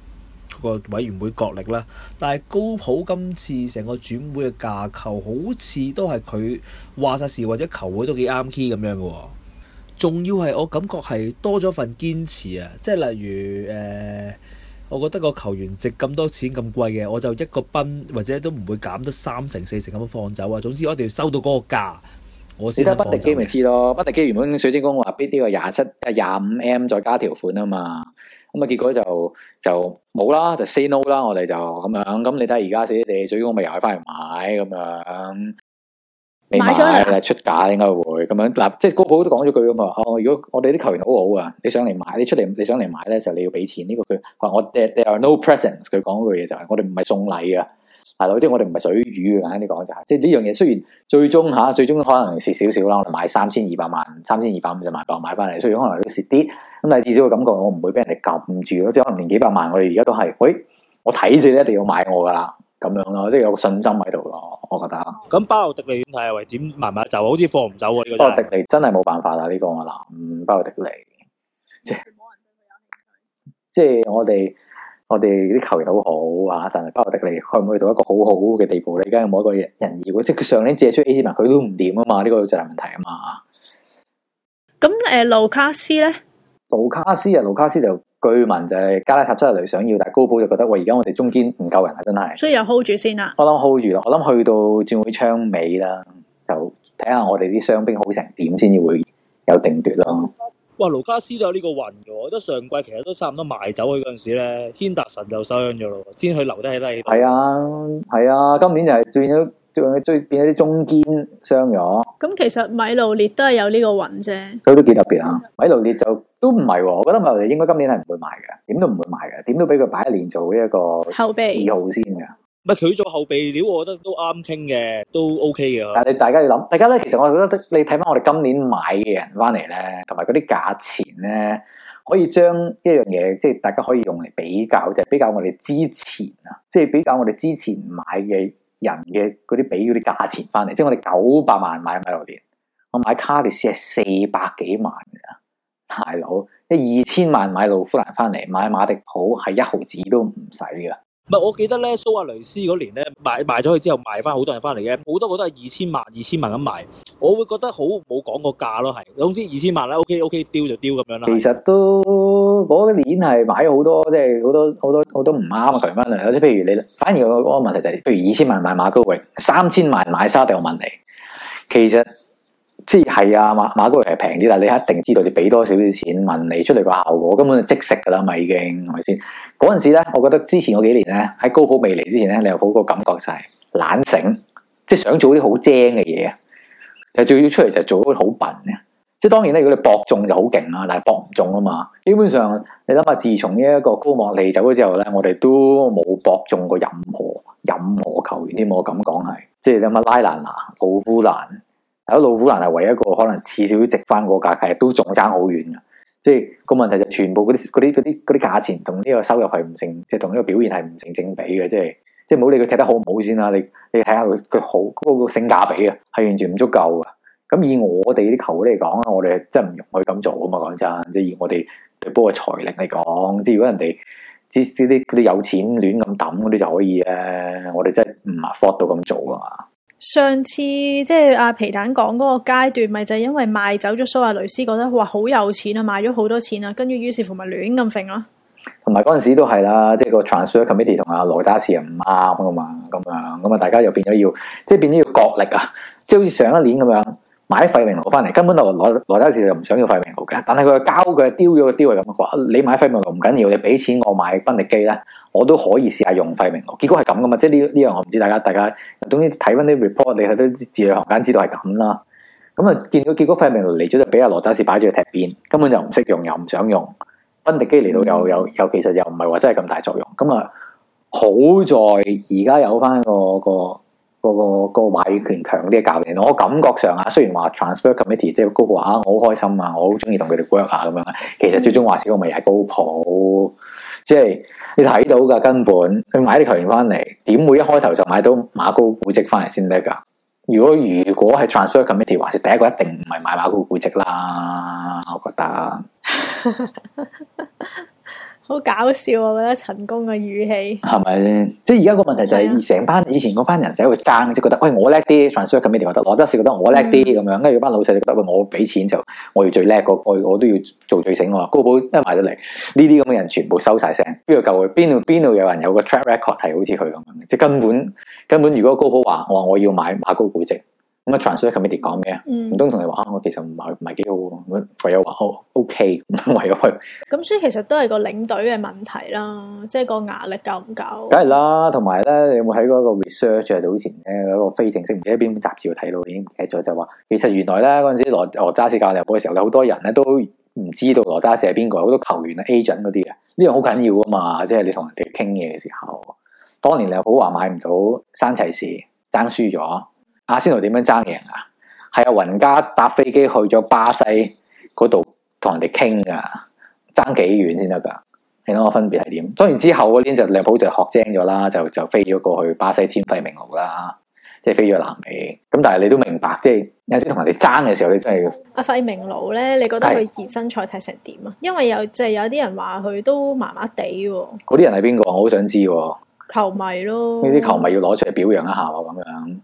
嗰個委員會角力啦。但係高普今次成個轉會嘅架構好，好似都係佢話晒事，或者球會都幾啱 key 咁樣噶喎。仲要係我感覺係多咗份堅持啊！即係例如誒、呃，我覺得個球員值咁多錢咁貴嘅，我就一個賓或者都唔會減得三成四成咁樣放走啊！總之我哋要收到嗰個價，我先得放走。你睇賓迪基咪知咯？賓迪基原本水晶宮話俾呢個廿七啊廿五 M 再加條款啊嘛，咁啊結果就就冇啦，就 say no 啦，我哋就咁樣。咁你睇下而家水晶地水晶宮咪又係翻嚟買咁樣。買咗啦，了出價應該會咁樣嗱，即係高普都講咗句咁嘛。哦，如果我哋啲球員好好啊，你想嚟買，你出嚟你想嚟買咧，就你要俾錢呢、這個佢話我，there are no presents，佢講句嘢就係，我哋唔係送禮啊。係咯，即係我哋唔係水魚啊呢講就係，即係呢樣嘢雖然最終吓、啊，最終可能蝕少少啦，我哋買三千二百萬，三千二百五十萬磅買翻嚟，雖然可能都蝕啲，咁但係至少嘅感覺我唔會俾人哋撳住咯，即係可能連幾百萬我哋而家都係，喂、哎，我睇住你一定要買我噶啦。咁樣咯，即係有個信心喺度咯，我覺得。咁巴洛迪利點睇啊？喂，點慢慢就好似放唔走呢個巴洛迪利真係冇辦法啦，呢、這個我諗，巴洛迪利即係冇人對佢有興趣，即係我哋我哋啲球員都好好啊，但係巴洛迪利可唔可以到一個好好嘅地步咧？而家有冇一個人要，即係佢上年借出 AC 米蘭，佢都唔掂啊嘛，呢、這個最大問題啊嘛。咁誒，盧、呃、卡斯咧？盧卡斯啊，盧卡斯就。據聞就係加拉塔沙雷想要，但高普就覺得喂，而家我哋中堅唔夠人啊，真係，所以又 hold 住先啦。我諗 hold 住咯，我諗去到轉會窗尾啦，就睇下我哋啲傷兵好成點先至會有定奪咯。哇，盧卡斯都有呢個運嘅，我覺得上季其實都差唔多賣走佢嗰陣時咧，軒達臣就收養咗咯，先去留低起呢。係啊係啊，今年就係轉咗。最最變咗啲中堅傷咗，咁其實米路列都係有呢個運啫，所以都幾特別啊。米路列就都唔係喎，我覺得米路列應該今年係唔會賣嘅，點都唔會賣嘅，點都俾佢擺一年做呢一個後備二號先嘅。唔係佢做後備料，我覺得都啱傾嘅，都 OK 嘅。但係大家要諗，大家咧，其實我覺得你睇翻我哋今年買嘅人翻嚟咧，同埋嗰啲價錢咧，可以將一樣嘢即係大家可以用嚟比較嘅，即係比較我哋之前啊，即係比較我哋之前買嘅。人嘅嗰啲畀嗰啲價錢翻嚟，即係我哋九百萬買米六年，我買卡迪斯係四百幾萬㗎，大佬，一二千萬買路夫蘭翻嚟，買馬迪普係一毫子都唔使嘅。唔係，我記得咧，蘇亞雷斯嗰年咧買賣咗佢之後，賣翻好多人翻嚟嘅，好多個都係二千萬、二千萬咁賣。我會覺得好冇講個價咯，係總之二千萬啦，O K O K，丟就丟咁樣啦。其實都嗰年係買咗好多，即係好多好多好多唔啱啊，佢翻嚟。有啲譬如你，反而我個問題就係，譬如二千萬買馬高榮，三千萬買沙迪奧文尼，其實。即係啊，馬馬哥其實平啲，但你一定知道你俾多少少錢問你出嚟個效果，根本就即食噶啦，咪已經係咪先？嗰陣時咧，我覺得之前嗰幾年咧，喺高普未嚟之前咧，你有嗰個感覺就係懶醒，即係想做啲好精嘅嘢啊！但係最要出嚟就做嗰好笨嘅。即係當然咧，如果你博中就好勁啦，但係博唔中啊嘛。基本上你諗下，自從呢一個高莫利走咗之後咧，我哋都冇博中過任何任何球員添。我咁講係，即係咁啊，拉蘭拿、奧夫蘭。嗱，老虎蘭係唯一一個可能至少要值翻個價嘅，其實都仲爭好遠嘅。即係個問題就全部嗰啲啲啲啲價錢同呢個收入係唔成，即係同呢個表現係唔成正比嘅。即係即係唔理佢踢得好唔好先啦。你你睇下佢佢好嗰個性價比啊，係完全唔足夠嘅。咁以我哋啲球嚟講啊，我哋真係唔容許咁做啊嘛。講真，即係以我哋隊波嘅財力嚟講，即係如果人哋啲啲啲有錢亂咁抌嗰啲就可以啊。我哋真係唔係貨到咁做啊嘛。上次即係阿皮蛋講嗰個階段，咪就係因為賣走咗蘇亞雷斯，覺得哇好有錢啊，賣咗好多錢啊，跟住於是乎咪亂咁飛咯。同埋嗰陣時都係啦，即係個 transfer committee 同阿羅打士唔啱啊嘛，咁樣咁啊，大家又變咗要即係變咗要角力啊，即係好似上一年咁樣買費明奴翻嚟，根本就羅羅打士就唔想要費明奴嘅，但係佢嘅膠佢丟咗，佢丟係咁，你買費明奴唔緊要，你俾錢我買賓力基咧。我都可以試下用費明羅，結果係咁噶嘛？即係呢呢樣，我唔知大家大家，總之睇翻啲 report，你睇到字裡行間知道係咁啦。咁啊，見到結果費明羅嚟咗就俾阿羅渣士擺住嚟踢邊，根本就唔識用又唔想用，分迪機嚟到又又又其實又唔係話真係咁大作用。咁啊、嗯，好在而家有翻個個。個個個話語權強啲嘅教練，我感覺上啊，雖然話 transfer committee 即係高個話我好開心啊，我好中意同佢哋 work 下咁樣，其實最終話事個咪係高普，即係你睇到噶根本，佢買啲球員翻嚟，點會一開頭就買到馬高古跡翻嚟先得噶？如果如果係 transfer committee，話是第一個一定唔係買馬高古跡啦，我覺得。 好搞笑啊！我覺得陳功嘅語氣係咪即係而家個問題就係成班以前嗰班人喺度爭，即係覺得喂，我叻啲，transfer committee 咁你點覺得？我都試覺得試我叻啲咁樣。跟住班老細就覺得喂，我俾錢就我要最叻個，我都要做最醒我。高普一買咗嚟，呢啲咁嘅人全部收晒聲，邊度舊嘅？邊度邊度有人有個 track record 係好似佢咁樣？即係根本根本，根本如果高普話我我要買馬高古積，咁啊 t r a n s c r 講咩啊？唔通同你話啊，我其實唔係唔係幾好唯有話 O，OK，唯有去。咁、OK，所以其實都係個領隊嘅問題啦，即係個壓力夠唔夠？梗係啦，同埋咧，你有冇睇過一個 research 啊？早前咧一、那個非正式，唔知喺邊本雜誌度睇到，已經唔記得咗就話，其實原來咧嗰陣時羅羅渣士加入波嘅時候咧，好多人咧都唔知道羅渣士係邊個，好多球員啊 agent 嗰啲啊，呢樣好緊要噶嘛，即係你同人哋傾嘢嘅時候，當年你又好話買唔到山齊士，爭輸咗。阿仙奴點樣爭贏啊？係阿雲加搭飛機去咗巴西嗰度同人哋傾噶，爭幾遠先得噶？你諗下分別係點？當然之後嗰年就利物浦就學精咗啦，就就飛咗過去巴西簽費明奴啦，即係飛咗南美。咁但係你都明白，即係有陣時同人哋爭嘅時候，你真係阿費明奴咧，你覺得佢熱身賽睇成點啊？是因為有即係、就是、有啲人話佢都麻麻地喎。嗰啲人係邊個？我好想知。球迷咯，呢啲球迷要攞出表揚一下啊！咁樣。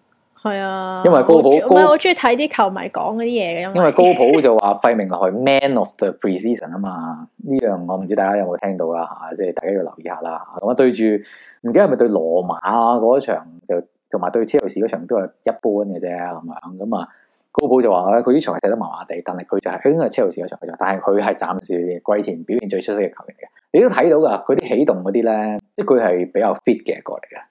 係啊，因為高普唔係我中意睇啲球迷講嗰啲嘢嘅，因為，因為高普就話費明奴係 Man of the Preseason 啊嘛，呢樣我唔知大家有冇聽到啊。吓，即係大家要留意下啦。咁、嗯、啊對住唔知係咪對羅馬啊嗰場，就同埋對車路士嗰場都係一般嘅啫咁樣。咁、嗯、啊高普就話佢呢場係睇得麻麻地，但係佢就係、是、應該車路士嗰場，但係佢係暫時季前表現最出色嘅球員嘅。你都睇到噶，佢啲起動嗰啲咧，即係佢係比較 fit 嘅一個嚟嘅。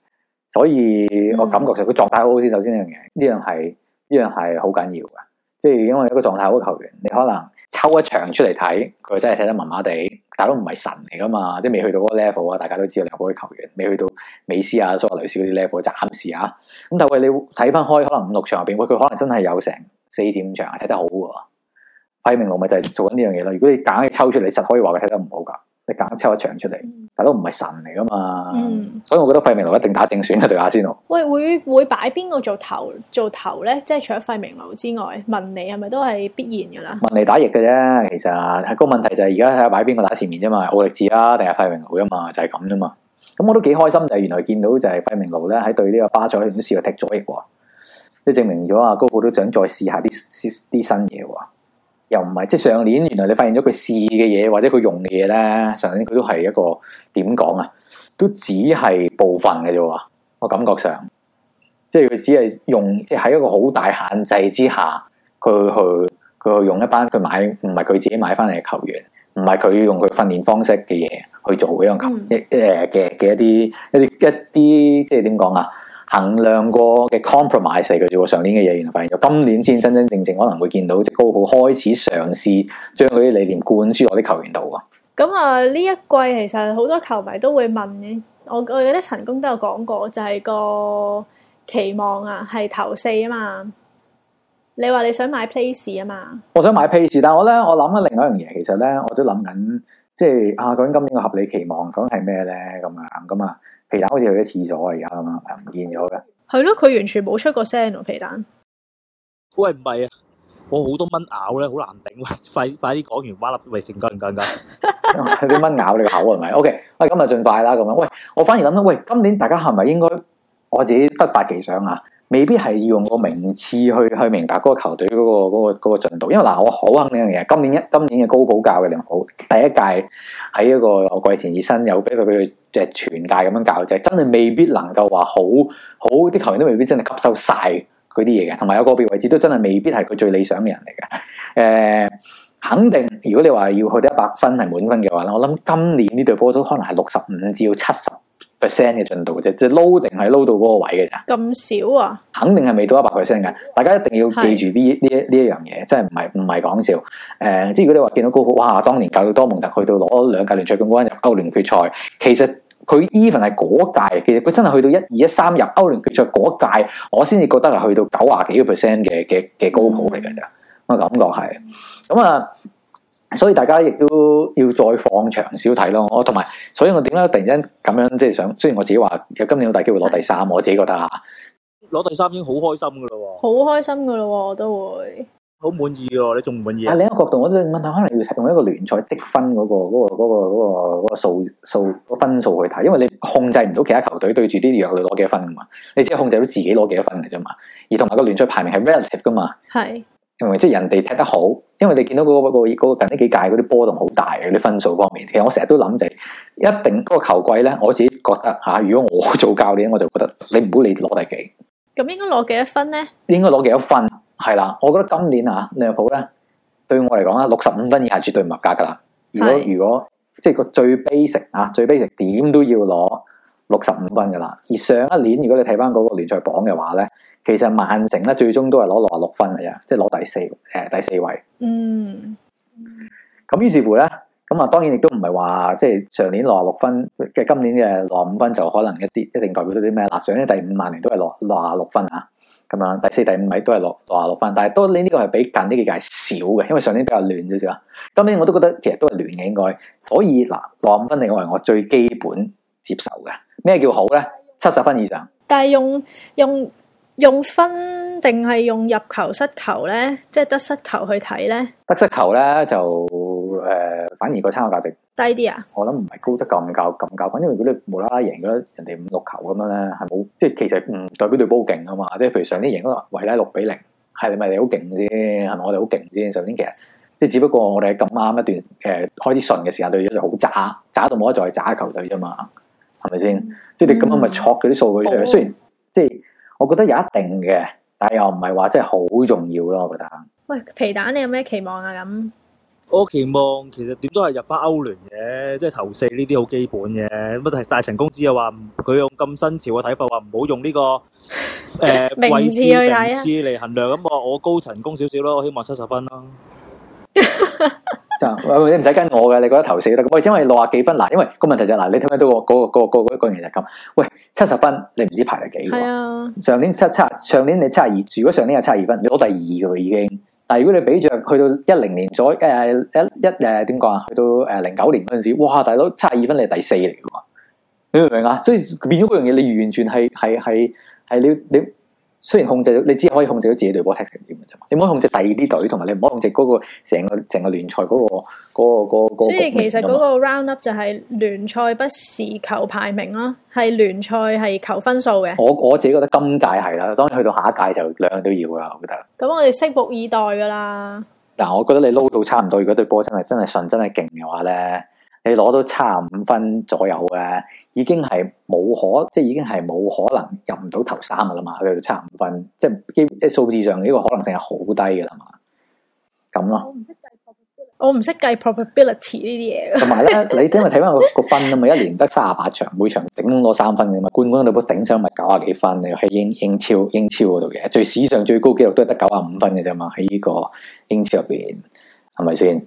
所以我感覺上係佢狀態好先，首先呢樣嘢，呢樣係呢樣係好緊要嘅。即係因為一個狀態好嘅球員，你可能抽一場出嚟睇，佢真係睇得麻麻地，但都唔係神嚟噶嘛，即係未去到嗰個 level 啊，大家都知道你兩嗰啲球員未去到美斯啊、蘇格雷斯嗰啲 level，暫時啊。咁但係你睇翻開，可能五六場入邊，喂佢可能真係有成四點五場係睇得好嘅。費明奴咪就係做緊呢樣嘢咯。如果你揀抽出嚟，實可以話佢睇得唔好㗎，你揀抽一場出嚟。但都唔係神嚟噶嘛，嗯、所以我覺得費明奴一定打正選嘅，啊、對阿仙奴。喂，會會擺邊個做頭做頭咧？即係除咗費明奴之外，文尼係咪都係必然噶啦？文尼打翼嘅啫，其實個問題就係而家睇下擺邊個打前面啫嘛，奧歷治啊，定係費明奴啊嘛，就係咁啫嘛。咁，嗯、我都幾開心就係原來見到就係費明奴咧喺對呢個巴塞都試過踢左翼，即係證明咗啊，高普都想再試下啲啲新嘢啊！又唔係即係上年，原來你發現咗佢試嘅嘢，或者佢用嘅嘢咧。上年佢都係一個點講啊？都只係部分嘅啫。我感覺上即係佢只係用，即係喺一個好大限制之下，佢去佢去用一班佢買，唔係佢自己買翻嚟嘅球員，唔係佢用佢訓練方式嘅嘢去做一樣球員誒嘅嘅一啲一啲一啲，即係點講啊？衡量過嘅 compromise 嚟嘅啫喎，上年嘅嘢原來發現咗，今年先真真正正可能會見到即高普開始嘗試將佢啲理念灌輸落啲球員度啊！咁啊，呢、呃、一季其實好多球迷都會問嘅，我我覺得陳工都有講過，就係、是、個期望啊，係頭四啊嘛，你話你想買 place 啊嘛，我想買 place，但係我咧，我諗緊另外一樣嘢，其實咧我都諗緊，即係啊究竟今年嘅合理期望講係咩咧咁啊咁啊。皮蛋好似去咗廁所而家咁啊，唔見咗嘅。係咯，佢完全冇出過聲喎，皮蛋。喂，唔係啊，我好多蚊咬咧，好難頂。喂，快快啲講完，挖粒喂，停！停！停！停！俾蚊咬你個口係咪？OK，喂，今日盡快啦，咁樣。喂，我反而諗到，喂，今年大家係咪應該，我自己忽發奇想啊，未必係要用個名次去去明白嗰個球隊嗰、嗰個嗰、嗰個、嗰個進度。因為嗱、呃，我好肯定嘅，今年一今年嘅高普教嘅良好，第一屆喺一個我季田以身有俾佢俾佢。即係全界咁樣搞就係，真係未必能夠話好好啲球員都未必真係吸收晒佢啲嘢嘅，同埋有個別位置都真係未必係佢最理想嘅人嚟嘅。誒、欸，肯定如果你話要去到一百分係滿分嘅話咧，我諗今年呢隊波都可能係六十五至七十 percent 嘅進度啫，即係撈定係撈到嗰個位嘅咋？咁少啊？肯定係未到一百 percent 嘅。大家一定要記住呢呢呢一樣嘢，真係唔係唔係講笑。誒，即係如果你話見到高普，哇！當年教到多蒙特去到攞兩屆聯賽冠軍入歐聯決賽，其實佢 even 係嗰屆，其實佢真係去到一二一三入歐聯決賽嗰屆，我先至覺得係去到九啊幾個 percent 嘅嘅嘅高普嚟嘅咋。我感覺係咁啊。所以大家亦都要再放長少睇咯，我同埋，所以我點解突然間咁樣即係想？雖然我自己話，有今年有好大機會攞第三，我自己覺得嚇，攞第三已經好開心噶咯，好開心噶咯，我都會好滿意嘅。你仲唔滿意？另一個角度，我對問題可能要用一個聯賽積分嗰、嗰個、嗰、嗰個、嗰、嗰個、嗰、嗰個、嗰、嗰個嗰個數,數、嗰個分數去睇，因為你控制唔到其他球隊對住啲弱隊攞幾多分嘛，你只係控制到自己攞幾多分嚟啫嘛。而同埋個聯賽排名係 relative 噶嘛，係。即係人哋踢得好，因為你見到嗰個、個、個近呢幾屆嗰啲波動好大，嗰啲分數方面。其實我成日都諗就係，一定嗰個球季咧，我自己覺得吓、啊，如果我做教練，我就覺得你唔好你攞第幾。咁應該攞幾多分咧？應該攞幾多分？係啦，我覺得今年啊，利物浦咧，對我嚟講啊，六十五分以下絕對唔合格噶啦。如果是的 如果即係個最 basic 啊，最 basic 點都要攞。六十五分噶啦，而上一年如果你睇翻嗰個聯賽榜嘅話咧，其實曼城咧最終都係攞六十六分啊，即係攞第四，誒第四位。嗯，咁於是乎咧，咁啊當然亦都唔係話即係上年六十六分，即係今年嘅六十五分就可能一啲一定代表到啲咩啦。上年第五曼聯都係六十六分啊，咁樣第四第五位都係六十六分，但係都呢呢個係比近呢幾屆少嘅，因為上年比較亂少少。今年我都覺得其實都係亂嘅，應該所以嗱六十五分，我係我最基本接受嘅。咩叫好咧？七十分以上。但係用用用分定係用入球失球咧？即係得失球去睇咧？得失球咧就誒、呃，反而個參考價值低啲啊！我諗唔係高得咁高咁高，反正如果你無啦啦贏咗人哋五六球咁樣咧，係冇即係其實唔代表隊波好勁啊嘛！即係譬如上年贏嗰個維拉六比零，係咪你好勁先？係咪我哋好勁先？上年其實即係只不過我哋咁啱一段誒開始順嘅時間對住就好渣，渣到冇得再渣嘅球隊啫嘛。係咪先？即係你咁樣咪撮嗰啲數據出嚟、嗯、雖然、嗯、即係，我覺得有一定嘅，但係又唔係話真係好重要咯。我覺得喂，皮蛋，你有咩期望啊？咁、嗯、我期望其實點都係入翻歐聯嘅，即係頭四呢啲好基本嘅。咁但係大成功之又話佢用咁新潮嘅睇法，話唔好用呢個誒位次名次嚟衡量。咁 我高層攻少少咯，我希望七十分啦。 你唔使跟我嘅，你覺得頭四得、就是。喂，因為六啊幾分？嗱，因為個問題就嗱，你睇唔睇到個嗰個嗰個人樣嘢就咁。喂，七十分你唔知排第幾嘅喎。上年七七，上年你七啊二，如果上年係七十二分，你攞第二嘅喎已經。但係如果你比着去到一零年左誒一一誒點講啊？去到誒零九年嗰陣時，哇！大佬七十二分你係第四嚟嘅喎。你明唔明啊？所以變咗嗰樣嘢，你完全係係係係你你。你雖然控制到你只可以控制到自己隊波踢成點嘅啫嘛，你唔可以控制第二啲隊，同埋你唔可以控制嗰個成個成個聯賽嗰個嗰個嗰個。所以其實嗰個 round up 就係聯賽不時求排名咯，係聯賽係求分數嘅。我我自己覺得今屆係啦，當然去到下一屆就兩樣都要啦，我覺得。咁我哋拭目以待噶啦。嗱，我覺得你撈到差唔多，如果對波真係真係順，真係勁嘅話咧，你攞到差五分左右嘅，已經係冇可，即係已經係冇可能入唔到頭三嘅啦嘛。佢哋差五分，即係基即係數字上呢個可能性係好低嘅啦嘛。咁咯，我唔識計，我唔識計 probability 呢啲嘢。同埋咧，你因為睇翻個個分啊嘛，一年得三十八場，每場頂多三分嘅嘛，冠軍隊部頂上咪九廿幾分，你喺英英超英超嗰度嘅，最史上最高紀錄都係得九啊五分嘅啫嘛，喺呢個英超入邊係咪先？是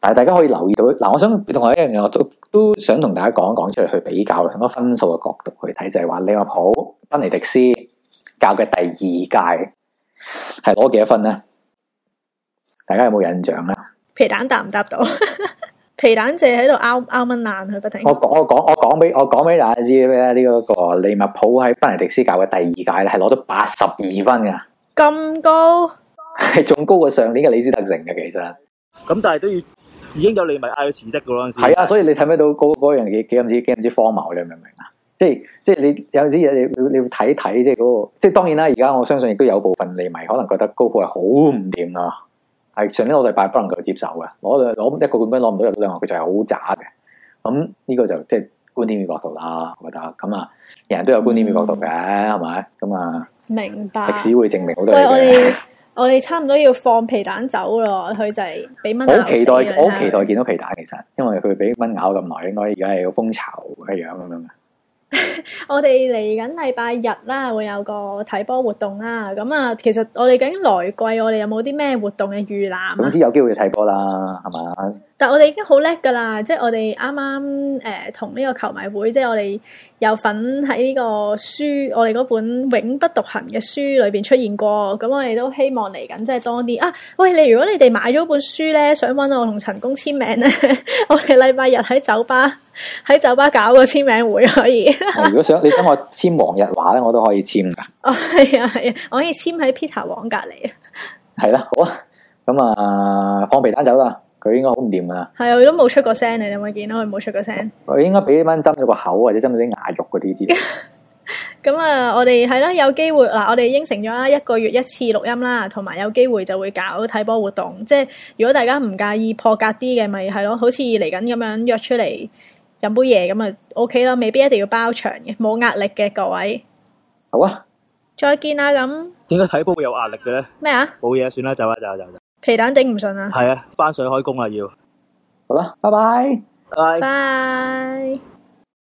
但係大家可以留意到嗱，我想同我一樣嘢，我都都想同大家講一講出嚟去比較，從個分數嘅角度去睇，就係、是、話利物浦、賓尼、， 這個、尼迪斯教嘅第二屆係攞幾多分咧？大家有冇印象咧？皮蛋答唔答到？皮蛋淨喺度拗拗蚊爛，佢不停。我我講我講俾我講俾大家知咩？呢個利物浦喺賓尼迪斯教嘅第二屆咧，係攞咗八十二分噶，咁高係仲高過上年嘅李斯特城嘅，其實咁但係都要。已經有利迷嗌佢辭職噶嗰陣時係啊，的所以你睇唔睇到嗰、那、嗰、個、樣嘢幾咁之幾咁之荒謬？你明唔明啊？即係即係你有啲嘢你你會睇睇即係嗰個，即係當然啦。而家我相信亦都有部分利迷可能覺得高普係好唔掂啊，係的上年我哋拜不能夠接受嘅。攞攞一個冠軍攞唔到又兩萬，佢就係好渣嘅。咁、嗯、呢、這個就即係觀點與角度啦，我覺得咁啊，人人都有觀點與角度嘅，係咪咁啊？明白。歷白史會證明好多嘢嘅。我哋差唔多要放皮蛋走咯，佢就係俾蚊咬。我好期待，看看我好期待見到皮蛋其實，因為佢俾蚊咬咁耐，應該而家係個蜂巢嘅樣咁樣。 我哋嚟緊禮拜日啦、啊，會有個睇波活動啦、啊。咁、嗯、啊，其實我哋究竟來季，我哋有冇啲咩活動嘅預覽啊？總之有機會睇波啦，係咪？但我哋已經好叻噶啦，即係我哋啱啱誒同呢個球迷會，即係我哋有份喺呢個書，我哋嗰本《永不獨行》嘅書裏邊出現過。咁我哋都希望嚟緊即係多啲啊！喂，你如果你哋買咗本書咧，想搵我同陳公簽名咧， 我哋禮拜日喺酒吧喺酒吧搞個簽名會可以。如果想 你想我簽黃日華咧，我都可以簽噶。哦，係啊，係啊，我可以簽喺 Peter 黃隔籬啊。係 啦，好啊，咁啊，放皮蛋走啦。佢應該好唔掂噶啦，係啊，佢都冇出過聲，你哋有冇見到佢冇出過聲？佢應該俾呢蚊針咗個口或者針咗啲牙肉嗰啲知。咁 啊，我哋係啦，有機會嗱，我哋應承咗啦，一個月一次錄音啦，同埋有機會就會搞睇波活動。即係如果大家唔介意破格啲嘅，咪係咯，好似嚟緊咁樣約出嚟飲杯嘢咁啊，OK 啦，未必一定要包場嘅，冇壓力嘅各位。好啊，再見啦啊，咁。點解睇波會有壓力嘅咧？咩啊？冇嘢，算啦，走啦，啊，走，啦。走。皮蛋頂唔順啊！係啊，返水開工啦，要好啦，拜拜，拜拜。